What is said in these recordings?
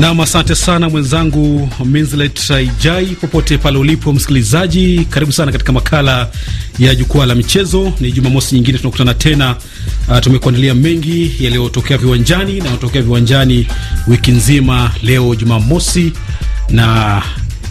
Nam, asante sana mwenzangu Minslet Ijai, popote pale ulipo msikilizaji, karibu sana katika makala ya jukwaa la michezo. Ni Jumamosi nyingine tunakutana tena. Uh, tumekuandalia mengi yaliyotokea viwanjani na yanayotokea viwanjani wiki nzima, leo Jumamosi na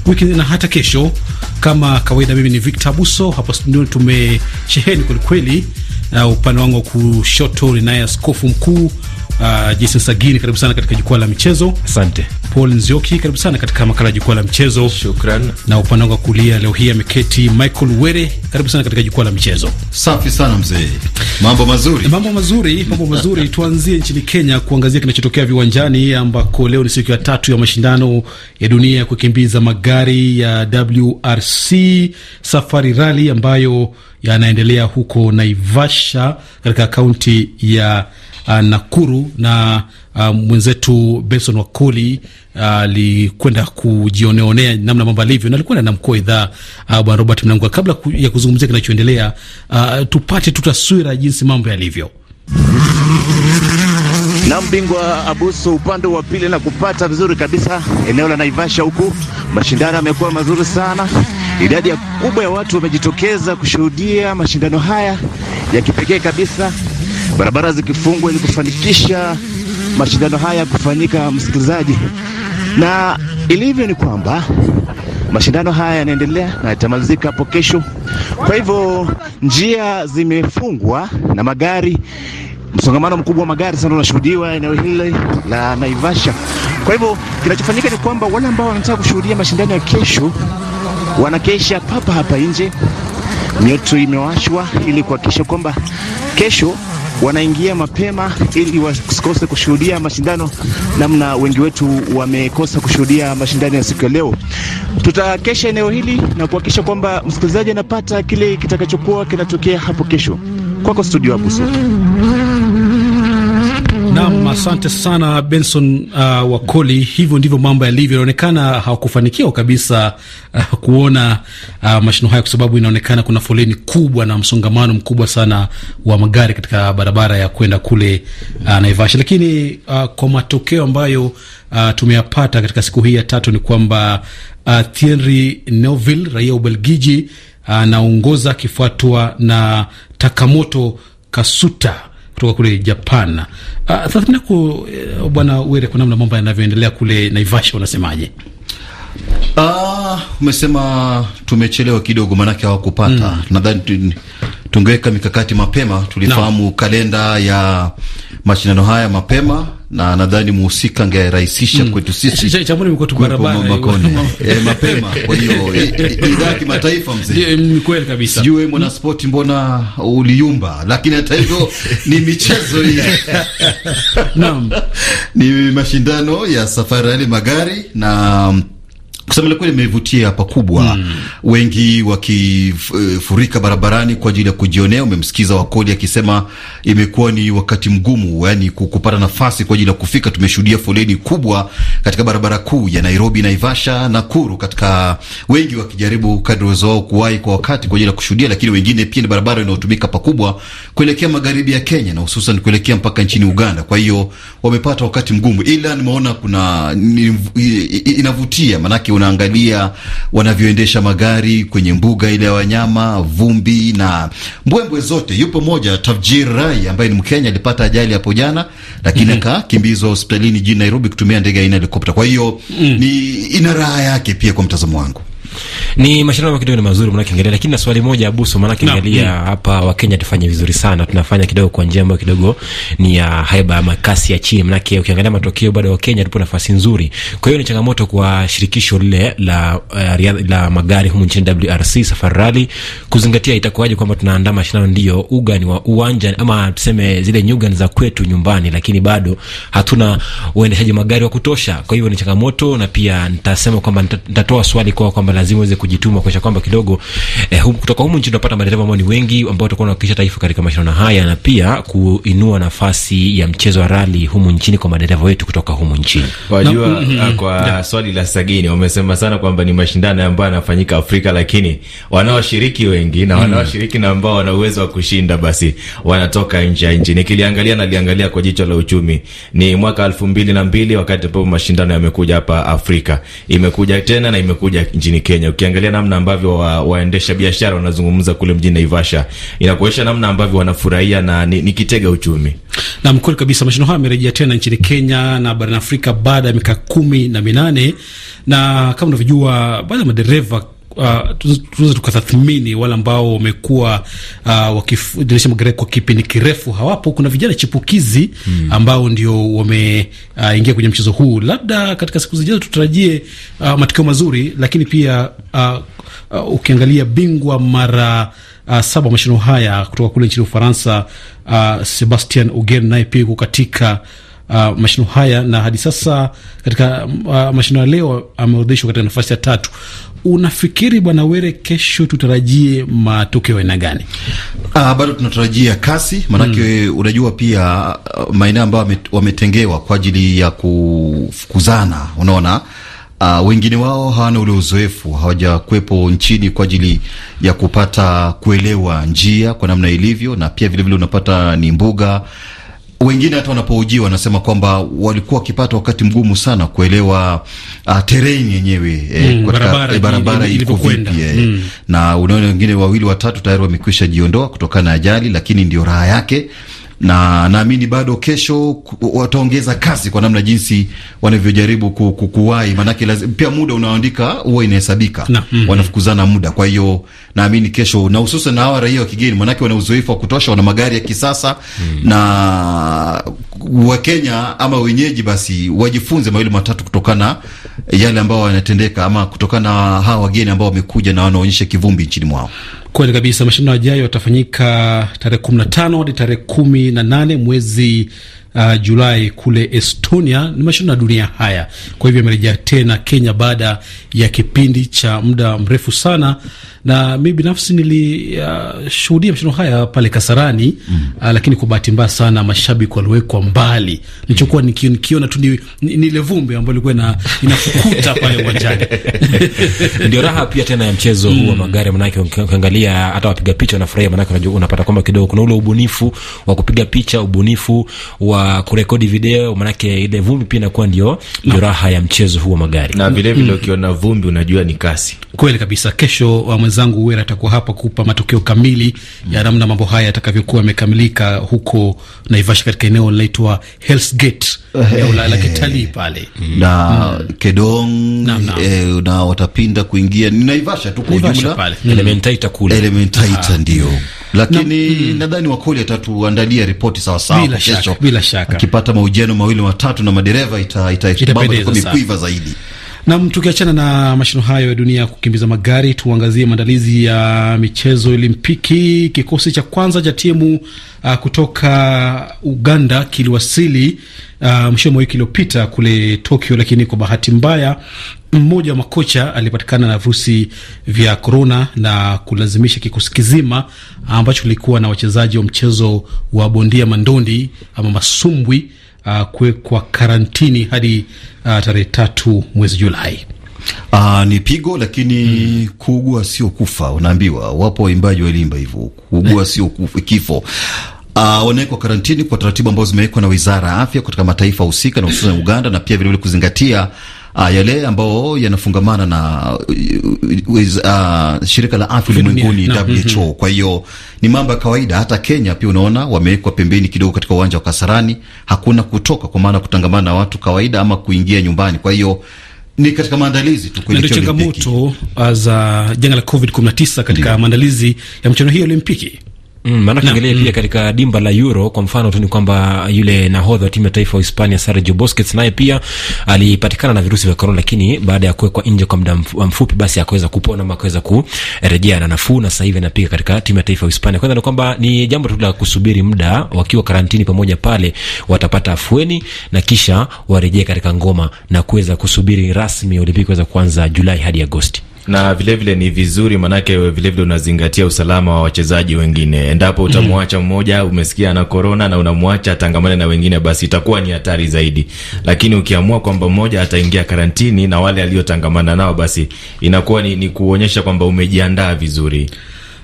wiki na hata kesho. Kama kawaida, mimi ni Victor Buso hapa studioni, tumesheheni kwelikweli. Uh, upande wangu wa kushoto ninaye askofu mkuu Uh, Jason Sagini, karibu sana katika jukwaa la michezo. Asante. Paul Nzioki, karibu sana katika makala ya jukwaa la michezo. Shukran. Na upande wangu wa kulia leo hii ameketi Michael Were, karibu sana katika jukwaa la michezo. Safi sana mzee. Mambo mazuri. Eh, mambo mazuri, mambo mazuri. Tuanzie nchini Kenya kuangazia kinachotokea viwanjani ambako leo ni siku ya tatu ya mashindano ya dunia ya kukimbiza magari ya WRC Safari Rally ambayo yanaendelea huko Naivasha katika kaunti ya uh, Nakuru na uh, mwenzetu Benson Wakoli ah, alikwenda uh, kujioneonea namna mambo alivyo, na alikwenda na mkuu wa idhaa uh, bwana Robert Mnangua. Kabla ya kuzungumzia kinachoendelea, uh, tupate tu taswira jinsi mambo yalivyo na mbingwa Abuso upande wa pili na kupata vizuri kabisa eneo la Naivasha. Huku mashindano yamekuwa mazuri sana, idadi ya kubwa ya watu wamejitokeza kushuhudia mashindano haya ya kipekee kabisa barabara zikifungwa ili kufanikisha mashindano haya kufanyika, msikilizaji. Na ilivyo ni kwamba mashindano haya yanaendelea na yatamalizika hapo kesho. Kwa hivyo njia zimefungwa na magari, msongamano mkubwa wa magari sana unashuhudiwa eneo hili la Naivasha. Kwa hivyo kinachofanyika ni kwamba wale ambao wanataka kushuhudia mashindano ya kesho wanakesha papa hapa nje, mioto imewashwa ili kuhakikisha kwamba kesho wanaingia mapema ili wasikose kushuhudia mashindano, namna wengi wetu wamekosa kushuhudia mashindano ya siku ya leo. Tutakesha eneo hili na kuhakikisha kwamba msikilizaji anapata kile kitakachokuwa kinatokea hapo kesho. Kwako studio hapo. Naam, asante sana Benson uh, Wakoli. Hivyo ndivyo mambo yalivyo. Inaonekana hawakufanikiwa kabisa uh, kuona uh, mashino haya, kwa sababu inaonekana kuna foleni kubwa na msongamano mkubwa sana wa magari katika barabara ya kwenda kule uh, Naivasha. Lakini uh, kwa matokeo ambayo uh, tumeyapata katika siku hii ya tatu ni kwamba uh, Thierry Neuville raia wa Ubelgiji uh, anaongoza uh, akifuatwa na Takamoto Kasuta kutoka kule Japan. Ah, sasa nako eh, bwana Were, kwa namna mambo yanavyoendelea kule Naivasha, unasemaje? Ah, umesema tumechelewa kidogo, maanake hawakupata mm. Nadhani tungeweka mikakati mapema, tulifahamu no. kalenda ya mashindano haya mapema na nadhani muhusika angerahisisha mm. kwetu sisi e, mapema. Kwa hiyo idhaa kimataifa mzee, ni kweli kabisa. Sijui mm. mwanaspoti, mbona uliyumba? Lakini hata hivyo ni michezo hii naam, ni mashindano ya safari rali magari na kusema kweli imevutia pakubwa mm. Wengi wakifurika barabarani kwa ajili ya kujionea. Umemsikiza Wakoli akisema imekuwa ni wakati mgumu, yani kupata nafasi kwa ajili ya kufika. Tumeshuhudia foleni kubwa katika barabara kuu ya Nairobi, Naivasha, Nakuru, katika wengi wakijaribu kadri uwezo wao kuwahi kwa wakati kwa ajili ya kushuhudia, lakini wengine pia ni barabara inayotumika pakubwa kuelekea magharibi ya Kenya na hususan kuelekea mpaka nchini Uganda. Kwa hiyo wamepata wakati mgumu, ila nimeona kuna inavutia manake unaangalia wanavyoendesha magari kwenye mbuga ile ya wanyama, vumbi na mbwembwe zote. Yupo moja Tafjir Rai ambaye ni Mkenya, alipata ajali hapo jana, lakini mhm. akakimbizwa hospitalini jijini Nairobi kutumia ndege aina helikopta. Kwa hiyo mm. ni ina raha yake pia kwa mtazamo wangu. Ni mashindano kidogo ni mazuri mnaki ngalia, lakini na swali moja abuso, mnaki ngalia no. Mm. Hapa wa Kenya tufanye vizuri sana, tunafanya kidogo kwa njia ambayo kidogo ni ya haiba ama kasi ya chini, mnaki. ukiangalia matokeo bado Kenya tupo nafasi nzuri. Kwa hiyo ni changamoto kwa shirikisho lile la uh, la magari humu nchini WRC Safari Rally kuzingatia itakuwaje kwamba tunaandaa mashindano ndio uga ni wa uwanja ama tuseme zile nyugani za kwetu nyumbani, lakini bado hatuna uendeshaji magari wa kutosha. Kwa hiyo ni changamoto, na pia nitasema kwamba nitatoa swali kwa kwamba lazima uweze kujituma kuhakikisha kwamba kidogo eh, hum, kutoka humu nchini tunapata madereva ambao ni wengi ambao watakuwa wanawakilisha taifa katika mashindano haya na pia kuinua nafasi ya mchezo wa rali humu nchini kwa madereva wetu kutoka humu nchini. Wajua no, mm-hmm. ah, kwa yeah. swali la Sagini wamesema sana kwamba ni mashindano ambayo yanafanyika Afrika, lakini wanaoshiriki wengi na mm-hmm. wanaoshiriki na ambao wana uwezo wa kushinda basi wanatoka nje ya nchi. Nikiliangalia naliangalia kwa jicho la uchumi, ni mwaka elfu mbili na mbili wakati ambapo mashindano yamekuja hapa Afrika, imekuja tena na imekuja nchini Kenya. Ukiangalia namna ambavyo wa, waendesha biashara wanazungumza kule mjini Naivasha, inakuonyesha namna ambavyo wanafurahia na ni, ni kitega uchumi. Na mkweli kabisa mashindano haya yamerejea tena nchini Kenya na barani Afrika baada ya miaka kumi na minane na kama unavyojua baadhi ya madereva uh, tuweze tukatathmini wale ambao wamekuwa uh, ah, wakidirisha kwa kipindi kirefu hawapo. Kuna vijana chipukizi mm. ambao ndio wameingia ah, uh, kwenye mchezo huu. Labda katika siku zijazo tutarajie uh, matokeo mazuri, lakini pia uh, uh, ukiangalia bingwa mara uh, saba mashindano haya kutoka kule nchini Ufaransa, uh, Sebastian Ogier naye pia yuko katika uh, mashindano haya na hadi sasa katika uh, mashindano ya leo ameorodheshwa katika nafasi ya tatu. Unafikiri Bwana Were, kesho tutarajie matokeo aina gani? Ah, bado tunatarajia kasi, maanake mm. unajua pia uh, maeneo ambayo wametengewa kwa ajili ya kufukuzana, unaona Uh, wengine wao hawana ule uzoefu, hawajakuwepo nchini kwa ajili ya kupata kuelewa njia kwa namna ilivyo, na pia vilevile vile unapata ni mbuga wengine hata wanapoujiwa wanasema kwamba walikuwa wakipata wakati mgumu sana kuelewa uh, terrain yenyewe eh, mm, barabara, eh, barabara iko vipi eh, mm. na unaona wengine wawili watatu tayari wamekwisha jiondoa kutokana na ajali, lakini ndio raha yake na naamini bado kesho wataongeza kasi kwa namna jinsi wanavyojaribu kuwahi, maanake pia muda unaoandika huwa inahesabika mm -hmm. Wanafukuzana muda, kwa hiyo naamini kesho, na hususan na hawa raia wa kigeni, maanake wana uzoefu wa kutosha, wana magari ya kisasa mm -hmm. na Wakenya ama wenyeji basi wajifunze mawili matatu kutokana yale ambao yanatendeka ama kutokana hawa wageni ambao wamekuja na wanaonyesha kivumbi nchini mwao. Kweli kabisa, mashindano yajayo yatafanyika tarehe 15 hadi tarehe 18 mwezi uh, Julai kule Estonia. Ni mashindano ya dunia haya, kwa hivyo amerejea tena Kenya baada ya kipindi cha muda mrefu sana, na mi binafsi nilishuhudia uh, mashindano haya pale Kasarani mm. uh, lakini kwa bahati mbaya sana mashabiki waliwekwa mbali. Nilichokuwa mm. nikiona tu ni, ni, ni ile vumbi ambayo ilikuwa na inafukuta pale uwanjani ndio raha pia tena ya mchezo huu mm. wa magari, manake ukiangalia hata wapiga picha wanafurahia, manake unapata kwamba kidogo kuna ule ubunifu wa kupiga picha, ubunifu wa kwa kurekodi video, maanake ile vumbi pia inakuwa ndio ndio raha ya mchezo huu wa magari, na vile vile ukiona vumbi unajua ni kasi. Kweli kabisa. Kesho uh, mwenzangu Wera atakuwa hapa kupa matokeo kamili mm. ya namna mambo haya yatakavyokuwa yamekamilika huko Naivasha, katika eneo linaitwa Hell's Gate eh. eneo la kitalii pale na mm. Kedong na, na. E, eh, na watapinda kuingia ni Naivasha tu kwa ujumla, Elementaita kule Elementaita ah. ndio lakini na, mm, nadhani Wakoli atatuandalia ripoti sawa sawa bila shaka, bila shaka akipata maujeno mawili matatu na madereva ita, ita, ita, ita, ita, ita, ita, ita, ita, Nam, tukiachana na mashino hayo ya dunia ya kukimbiza magari, tuangazie maandalizi ya michezo Olimpiki. Kikosi cha kwanza cha timu uh, kutoka Uganda kiliwasili uh, mwishoni mwa wiki iliyopita kule Tokyo, lakini kwa bahati mbaya mmoja wa makocha alipatikana na virusi vya korona na kulazimisha kikosi kizima ambacho kilikuwa na wachezaji wa mchezo wa bondia mandondi ama masumbwi uh, kuwekwa karantini hadi uh, tarehe tatu mwezi Julai. Uh, ni pigo lakini mm. Kuugua sio kufa, unaambiwa. Wapo waimbaji waliimba hivyo, kuugua sio kifo. Uh, ah, wanawekwa karantini kwa taratibu ambazo zimewekwa na Wizara ya Afya katika mataifa husika na hususan Uganda, na pia vilevile kuzingatia uh, yale ambayo yanafungamana na uh, uh, shirika la afya ulimwenguni WHO. Mm-hmm. Kwa hiyo ni mambo ya kawaida. Hata Kenya pia unaona wamewekwa pembeni kidogo katika uwanja wa Kasarani, hakuna kutoka kwa maana kutangamana na watu kawaida ama kuingia nyumbani, kwa hiyo ni katika maandalizi tu kwenye changamoto uh, za janga la COVID-19 katika maandalizi ya mchezo hii Olimpiki. Mm, maana mm. pia katika dimba la Euro kwa mfano tu ni kwamba yule nahodha wa timu ya taifa ya Hispania Sergio Busquets naye pia alipatikana na virusi vya korona, lakini baada ya kuwekwa nje kwa muda mfupi, basi akaweza kupona ama akaweza kurejea na nafuu, na sasa hivi anapiga katika timu ya taifa ya Hispania. Kwanza ni kwamba ni jambo tu la kusubiri muda, wakiwa karantini pamoja pale watapata afueni na kisha warejee katika ngoma na kuweza kusubiri rasmi Olimpiki kuweza kuanza Julai hadi Agosti na vilevile vile ni vizuri manake vilevile unazingatia usalama wa wachezaji wengine. Endapo utamwacha mm. mmoja, umesikia ana korona, na unamwacha atangamane na wengine, basi itakuwa ni hatari zaidi. Lakini ukiamua kwamba mmoja ataingia karantini na wale aliotangamana nao, basi inakuwa ni, ni kuonyesha kwamba umejiandaa vizuri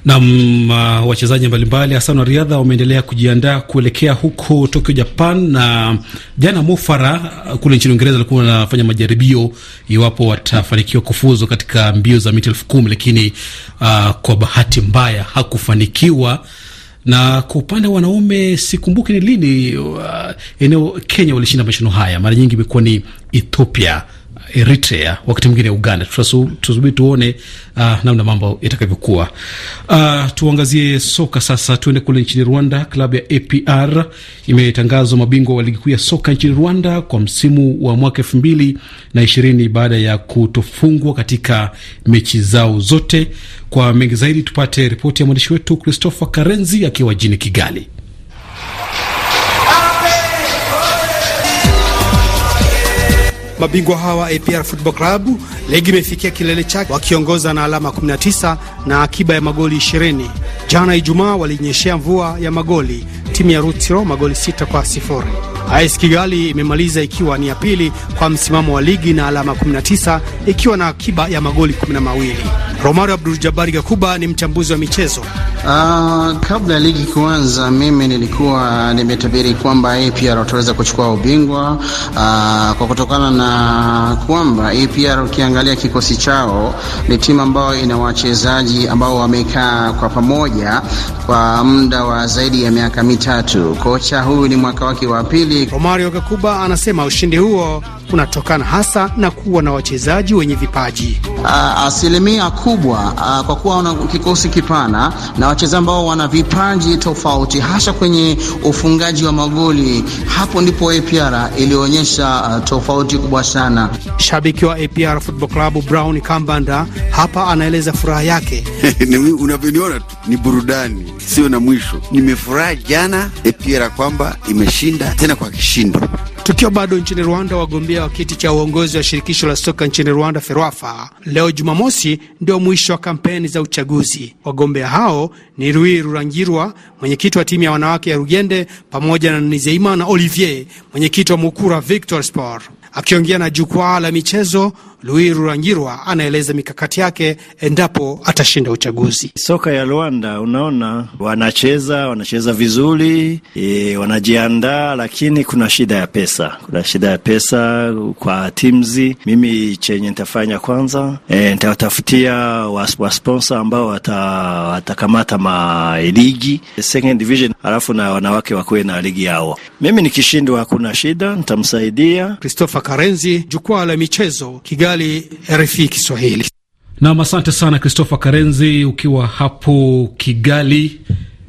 na uh, wachezaji mbalimbali hasa wa riadha wameendelea kujiandaa kuelekea huko Tokyo, Japan. Na jana Mufara uh, kule nchini Uingereza alikuwa anafanya majaribio iwapo watafanikiwa kufuzu katika mbio za mita elfu kumi lakini uh, kwa bahati mbaya hakufanikiwa na kwa upande wa wanaume sikumbuki ni lini uh, eneo Kenya walishinda mashindano haya. Mara nyingi imekuwa ni Ethiopia Eritrea, wakati mwingine Uganda. Tutasubiri tuone uh, namna mambo itakavyokuwa. Uh, tuangazie soka sasa, tuende kule nchini Rwanda. Klabu ya APR imetangazwa mabingwa wa ligi kuu ya soka nchini Rwanda kwa msimu wa mwaka elfu mbili na ishirini baada ya kutofungwa katika mechi zao zote. Kwa mengi zaidi, tupate ripoti ya mwandishi wetu Christopher Karenzi akiwa jini Kigali. Mabingwa hawa APR Football Club ligi imefikia kilele chake wakiongoza na alama 19 na akiba ya magoli 20. Jana Ijumaa walinyeshea mvua ya magoli timu ya Rutiro magoli sita kwa sifuri. AS Kigali imemaliza ikiwa ni ya pili kwa msimamo wa ligi na alama 19 ikiwa na akiba ya magoli 12. Romario Abdul Jabari Gakuba ni mchambuzi wa michezo. Uh, kabla ya ligi kuanza, mimi nilikuwa nimetabiri kwamba APR wataweza kuchukua ubingwa uh, kwa kutokana na kwamba APR ukiangalia kikosi chao ni timu ambayo ina wachezaji ambao wamekaa kwa pamoja kwa muda wa zaidi ya miaka mitatu. Kocha huyu ni mwaka wake wa pili. Romario Kakuba anasema ushindi huo unatokana hasa na kuwa na wachezaji wenye vipaji. Uh, asilimia kubwa uh, kwa kuwa na kikosi kipana na wachezaji ambao wana vipaji tofauti, hasa kwenye ufungaji wa magoli, hapo ndipo APR ilionyesha uh, tofauti kubwa sana. Shabiki wa APR Football Club Brown Kambanda hapa anaeleza furaha yake. Unavyoniona tu ni burudani sio na mwisho. Nimefurahi jana APR kwamba imeshinda tena kwa kishindo. Tukiwa bado nchini Rwanda, wagombea wa kiti cha uongozi wa shirikisho la soka nchini Rwanda, FERWAFA, leo Jumamosi ndio mwisho wa kampeni za uchaguzi. Wagombea hao ni Rui Rurangirwa, mwenyekiti wa timu ya wanawake ya Rugende, pamoja na Nizeima na Olivier, mwenyekiti wa Mukura Victor Sport. Akiongea na jukwaa la michezo Louis Rurangirwa anaeleza mikakati yake endapo atashinda uchaguzi. Soka ya Rwanda, unaona wanacheza, wanacheza vizuri e, wanajiandaa, lakini kuna shida ya pesa, kuna shida ya pesa kwa timzi. Mimi chenye nitafanya kwanza, e, nitawatafutia wasponsa ambao watakamata maligi second division, alafu na wanawake wakuwe na ligi yao. Mimi nikishindwa, hakuna shida, nitamsaidia. Christopher Karenzi, Jukwaa la Michezo, Kigali. Kiswahili, RFI Kiswahili. Nam, asante sana Christopher Karenzi ukiwa hapo Kigali,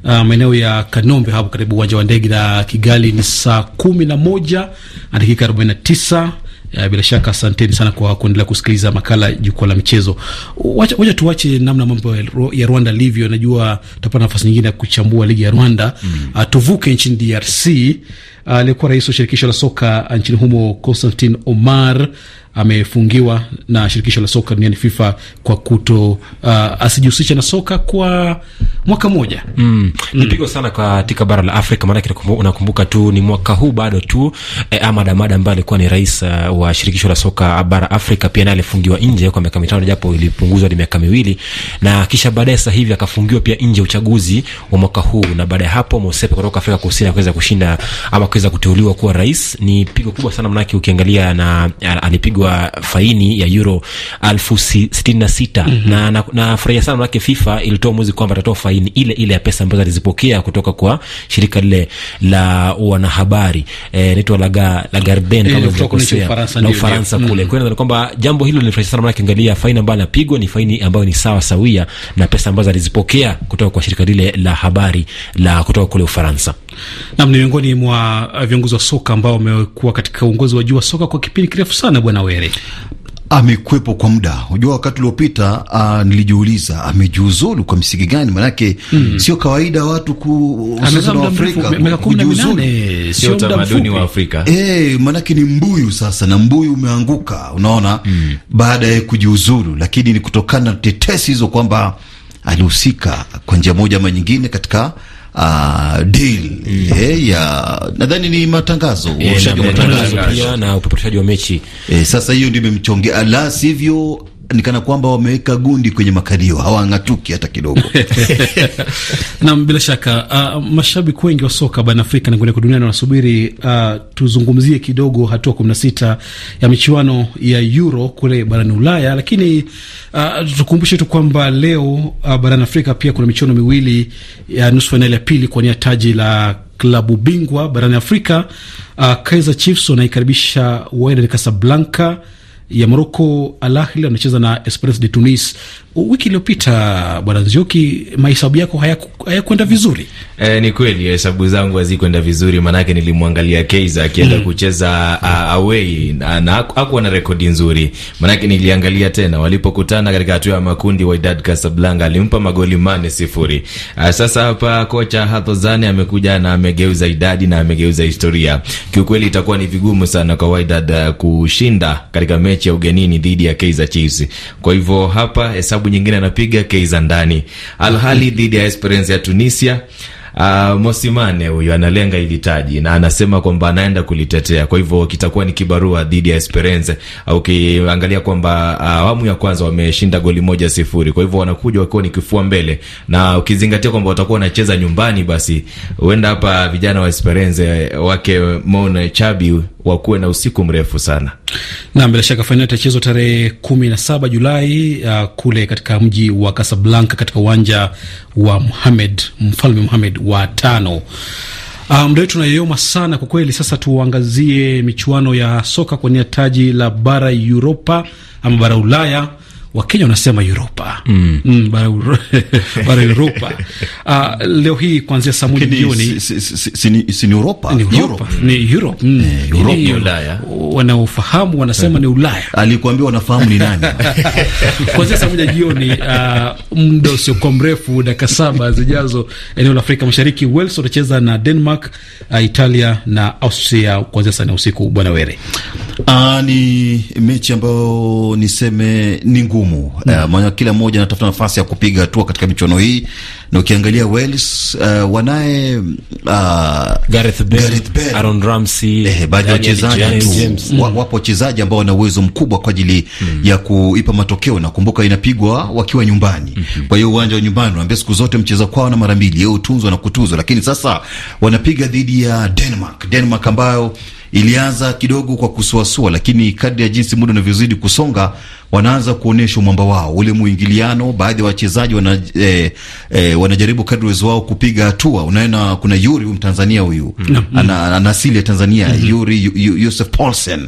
uh, maeneo ya Kanombe hapo karibu uwanja wa ndege la Kigali. Ni saa kumi na moja na dakika arobaini na tisa. Uh, bila shaka asanteni sana kwa kuendelea kusikiliza makala jukwaa la michezo. Wacha tuache namna mambo ya Rwanda alivyo, najua tutapata nafasi nyingine ya kuchambua ligi ya Rwanda. mm -hmm. Uh, tuvuke nchini DRC Ah, aliyekuwa rais wa shirikisho la soka ah, nchini humo Constantin Omar amefungiwa na shirikisho la soka duniani FIFA kwa kuto uh, ah, asijihusisha na soka kwa mwaka mmoja. Mm. Mm. Ni pigo sana katika bara la Afrika, maanake unakumbuka tu ni mwaka huu bado tu eh, Ahmad Ahmad ambaye alikuwa ni rais uh, wa shirikisho la soka bara Afrika pia naye alifungiwa nje kwa miaka mitano, japo ilipunguzwa ni miaka miwili, na kisha baadaye sasa hivi akafungiwa pia nje uchaguzi wa mwaka huu, na baada ya hapo Mosepe kutoka Afrika Kusini akaweza kushinda ama kuweza kuteuliwa kuwa rais ni pigo kubwa sana, manake ukiangalia na alipigwa faini ya euro elfu sitini na sita mm -hmm. na, na, na sana manake FIFA ilitoa mwezi kwamba atatoa faini ile ile ya pesa ambazo alizipokea kutoka kwa shirika lile la wanahabari eh, naitwa laga Lagarden kama nilivyosema la Ufaransa kule. mm. Kwa hiyo kwamba jambo hilo linafurahisha sana, manake angalia faini ambayo anapigwa ni faini ambayo ni sawa sawia na pesa ambazo alizipokea kutoka kwa shirika lile la habari la kutoka kule Ufaransa. Naam, ni miongoni mwa Eh, viongozi wa soka ambao wamekuwa katika uongozi wa juu wa soka kwa kipindi kirefu sana. Bwana Were amekwepo kwa muda. Unajua, wakati uliopita uh, nilijiuliza amejiuzulu kwa misingi gani? Maanake mm. sio kawaida watu ku eh, maanake ni mbuyu sasa, na mbuyu umeanguka, unaona mm. baada ya kujiuzulu, lakini ni kutokana na tetesi hizo kwamba alihusika kwa njia moja ama nyingine katika uh, deal mm. eh, ya nadhani ni matangazo yeah, na matangazo pia na upepetoshaji wa mechi eh, sasa hiyo ndio imemchongea, la sivyo nikana kwamba wameweka gundi kwenye makalio, hawang'atuki hata kidogo. Naam, bila shaka uh, mashabiki wengi wa soka barani Afrika na kwingineko duniani wanasubiri uh, tuzungumzie kidogo hatua kumi na sita ya michuano ya Euro kule barani Ulaya, lakini uh, tukumbushe tu kwamba leo uh, barani Afrika pia kuna michuano miwili ya nusu fainali ya pili kuwania taji la klabu bingwa barani Afrika. Uh, Kaizer Chiefs wanaikaribisha Wydad Casablanca ya Moroko Al Ahly wanacheza na Esperance de Tunis. Wiki iliyopita, bwana Nzioki, mahesabu yako hayakwenda haya vizuri. E, ni kweli hesabu zangu hazikwenda vizuri, maanake nilimwangalia Keiza akienda mm, kucheza uh, away na na hakuwa na rekodi nzuri, maanake niliangalia tena walipokutana katika hatua ya makundi, Wydad Casablanca alimpa magoli mane sifuri. Uh, sasa hapa kocha Hathozane amekuja na amegeuza idadi na amegeuza historia. Kiukweli itakuwa ni vigumu sana kwa Wydad uh, kushinda katika mechi mechi ya ugenini dhidi ya Kaizer Chiefs. Kwa hivyo hapa hesabu nyingine anapiga Kaizer ndani. Al Ahly dhidi ya Esperance ya Tunisia. Uh, Mosimane huyu analenga hili taji na anasema kwamba anaenda kulitetea. Kwa hivyo kitakuwa ni kibarua dhidi ya Esperance. Au ah, ukiangalia kwamba ah, awamu uh, ya kwanza wameshinda goli moja sifuri, kwa hivyo wanakuja wakiwa ni kifua mbele, na ukizingatia kwamba watakuwa wanacheza nyumbani, basi huenda hapa vijana wa Esperance eh, wake Mon Chabi wakuwe na usiku mrefu sana. Na bila shaka fainali itachezwa tarehe saba Julai uh, kule katika mji wa kasablanka katika uwanja wa Muhamed, Mfalme muhamed wa tano. Uh, mda wetu unayoyoma sana kwa kweli. Sasa tuangazie michuano ya soka kwenye taji la bara Europa ama bara Ulaya. Wakenya wanasema Uropa mm. mm, bara Uropa uh, ah, leo hii kuanzia saa moja jioni ni Uropa ni Europe mm. eh, wanaofahamu wanasema ni Ulaya. Alikuambia wanafahamu ni nani? kuanzia saa moja jioni uh, muda usiokuwa mrefu, dakika saba zijazo, eneo la Afrika Mashariki, Wales watacheza na Denmark, uh, Italia na Austria kuanzia sana usiku. Bwana Were, uh, ni mechi ambayo niseme ni ngumu ngumu mm. Uh, kila mmoja anatafuta nafasi ya kupiga hatua katika michuano hii, na ukiangalia Wales uh, wanaye uh, Gareth Bale, Aaron Ramsey, eh, baadhi ya wachezaji tu mm. wapo wachezaji ambao wana uwezo mkubwa kwa ajili mm. ya kuipa matokeo, na kumbuka inapigwa wakiwa nyumbani mm -hmm. Kwa hiyo uwanja wa nyumbani unaambia siku zote mcheza kwao na mara mbili yeye utunzwa na kutuzwa, lakini sasa wanapiga dhidi ya Denmark, Denmark ambayo ilianza kidogo kwa kusuasua, lakini kadri ya jinsi muda unavyozidi kusonga wanaanza kuonyesha umwamba wao, ule mwingiliano. Baadhi ya wachezaji wana, eh, eh, wanajaribu kadri uwezo wao kupiga hatua. Unaona, kuna Yuri Mtanzania huyu mm -hmm. ana, ana asili ya Tanzania mm -hmm. Yuri Yusuf Paulsen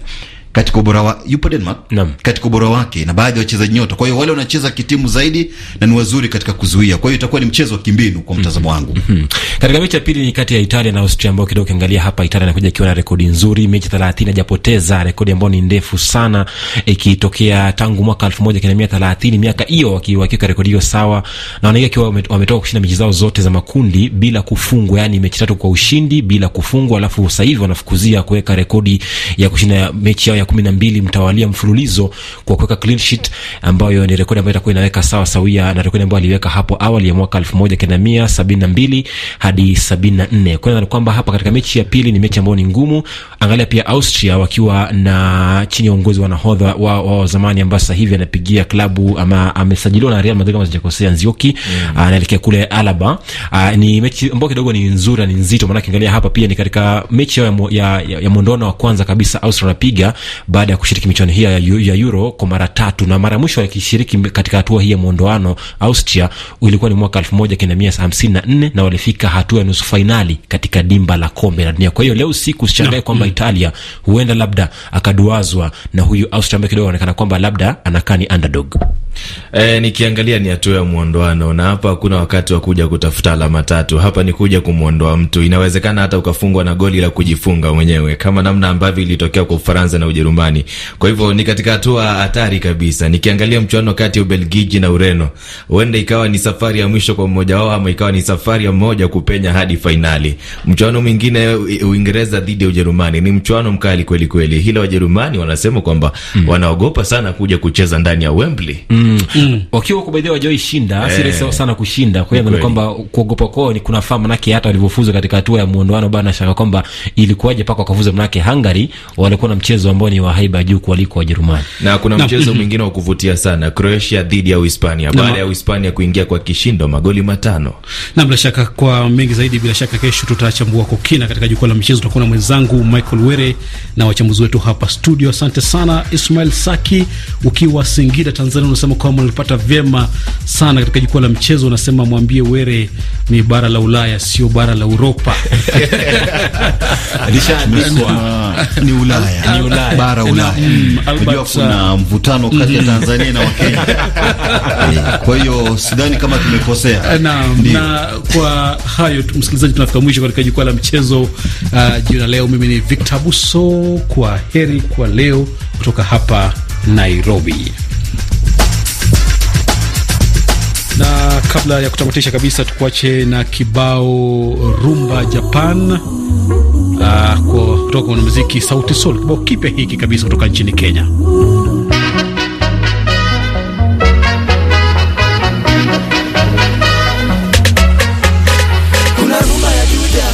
katika ubora wa yupo Denmark Nam. katika ubora wake na baadhi ya wachezaji nyota. Kwa hiyo wale wanacheza kitimu zaidi na ni wazuri katika kuzuia, kwa hiyo itakuwa ni mchezo wa kimbinu kwa mtazamo wangu. mm -hmm. Katika mechi ya pili ni kati ya Italia na Austria, ambayo kidogo ukiangalia hapa Italia inakuja ikiwa na rekodi nzuri, mechi 30 hajapoteza, rekodi ambayo ni ndefu sana ikitokea e, tangu mwaka 1930 miaka hiyo wakiwa wakiwa rekodi hiyo sawa, na wanaika kiwa wametoka kushinda mechi zao zote za makundi bila kufungwa, yani mechi tatu kwa ushindi bila kufungwa, alafu sasa hivi wanafukuzia kuweka rekodi ya kushinda mechi yao ya kumi na mbili mtawalia mfululizo kwa kuweka clean sheet, ambayo ni rekodi ambayo itakuwa inaweka sawa sawia na rekodi ambayo aliweka hapo awali ya mwaka elfu moja kenda mia sabini na mbili hadi sabini na nne. hiyo ni kwamba hapa katika mechi ya pili ni mechi ambayo ni ngumu. Angalia pia Austria wakiwa na chini ya uongozi wa nahodha wa, wa zamani ambaye sasa hivi anapigia klabu ama amesajiliwa na Real Madrid kama sijakosea, Nzioki mm. Ah, anaelekea kule Alaba. A, ah, Ni mechi ambayo kidogo ni nzuri na ni nzito, maanake angalia hapa pia ni katika mechi ya ya, ya, ya mondoano wa kwanza kabisa Austria anapiga baada ya kushiriki michuano hii ya Euro kwa mara tatu, na mara mwisho akishiriki katika hatua hii ya mwondoano Austria ilikuwa ni mwaka 1954 na walifika hatua ya nusu fainali katika dimba la kombe la dunia. Kwa hiyo leo usiku usichangae kwamba mm. Italia huenda labda akaduazwa na huyu Austria ambaye kidogo anaonekana kwamba labda anakaa ni underdog. E, nikiangalia ni hatua ya mwondoano na hapa hakuna wakati wa kuja kutafuta alama tatu. Hapa ni kuja kumwondoa mtu, inawezekana hata ukafungwa na goli la kujifunga mwenyewe kama namna ambavyo ilitokea kwa Ufaransa na Ujerumani. Ujerumani. Kwa hivyo ni katika hatua hatari kabisa. Nikiangalia mchuano kati ya Ubelgiji na Ureno, huenda ikawa ni safari ya mwisho kwa mmoja wao, ama ikawa ni safari ya mmoja kupenya hadi fainali. Mchuano mwingine Uingereza dhidi ya Ujerumani ni mchuano mkali kweli kweli, hila Wajerumani wanasema kwamba mm. wanaogopa sana kuja kucheza ndani ya Wembley mm. mm. wakiwa kubedhia wajawai shinda eh. siresa sana kushinda. Kwa hiyo ni kwamba kuogopa kwao ni kunafaa, manake hata walivyofuzu katika hatua ya muondoano bana shaka kwamba ilikuwaje mpaka wakafuza, manake Hungary walikuwa na mchezo ambao ni wa haiba juu kuliko Wajerumani. Na kuna mchezo mwingine wa kuvutia sana, Croatia dhidi ya Uhispania, baada ya Uhispania kuingia kwa kishindo magoli matano. Na bila shaka kwa mengi zaidi, bila shaka kesho tutachambua kwa kina katika jukwaa la michezo. Tutakuwa na mwenzangu Michael Were na wachambuzi wetu hapa studio. Asante sana Ismail Saki, ukiwa Singida Tanzania, unasema kwamba unalipata vyema sana katika jukwaa la mchezo. Unasema mwambie Were ni bara la Ulaya, sio bara la Uropa. Ni Ulaya, ni Ulaya bara Ulaya. Unajua kuna uh, mvutano kati ya mm. Tanzania na Wakenya. Kwa hiyo sidhani kama tumekosea. Uh, na, na kwa hayo msikilizaji, tunafika mwisho katika jukwaa la mchezo uh, jioni leo. Mimi ni Victor Buso, kwa heri kwa leo kutoka hapa Nairobi. Na kabla ya kutamatisha kabisa, tukuache na kibao rumba Japan uh, kutoka mwanamuziki Sauti Sol, kibao kipya hiki kabisa kutoka nchini Kenya. Kuna rumba ya Juda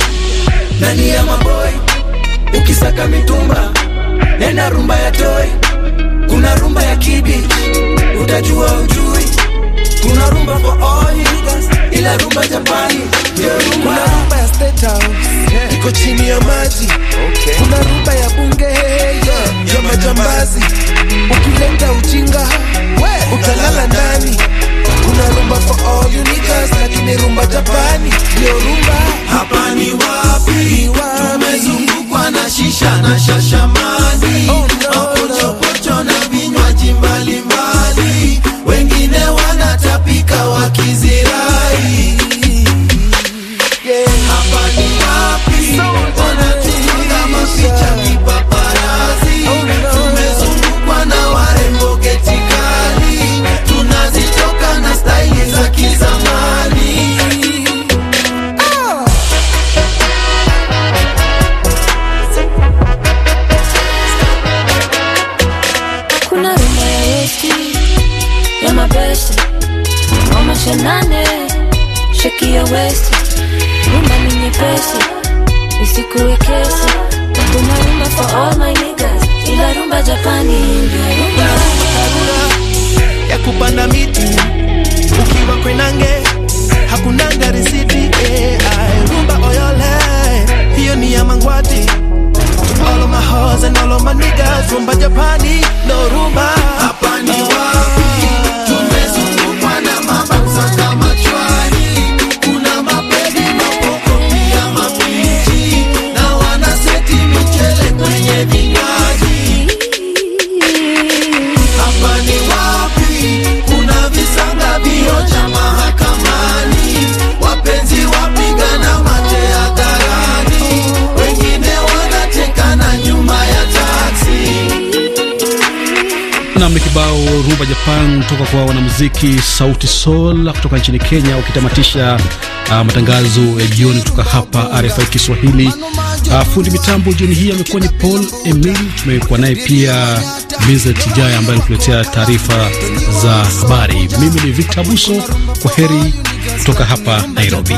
nani ya ukisaka mitumba nena rumba ya toi. Kuna rumba ya kibi utajua ujui. Kuna rumba kwa oil ila rumba Japani ndio rumba iko chini ya maji okay. Kuna ruba ya bunge ya majambazi, ukileta ujinga utala my best mama shenane chanane shekia westi rumba ni nyepesi isikuwe kesi kuna rumba for all my niggas ila rumba japani Ila rumba ya kupanda miti ukiwa kwenange hakunanga risiti eh, eh, rumba oyole hiyo ni ya mangwati all of my hoes and all of my niggas rumba japani no rumba hapa ni wapi Nam ni kibao rumba Japan kutoka kwa wanamuziki Sauti Sol kutoka nchini Kenya, ukitamatisha uh, matangazo ya jioni kutoka hapa RFI Kiswahili. Uh, fundi mitambo jioni hii amekuwa ni Paul Emil. Tumekuwa naye pia Bizet Jaya ambaye alikuletea taarifa za habari. Mimi ni Victor Buso, kwa heri kutoka hapa Nairobi.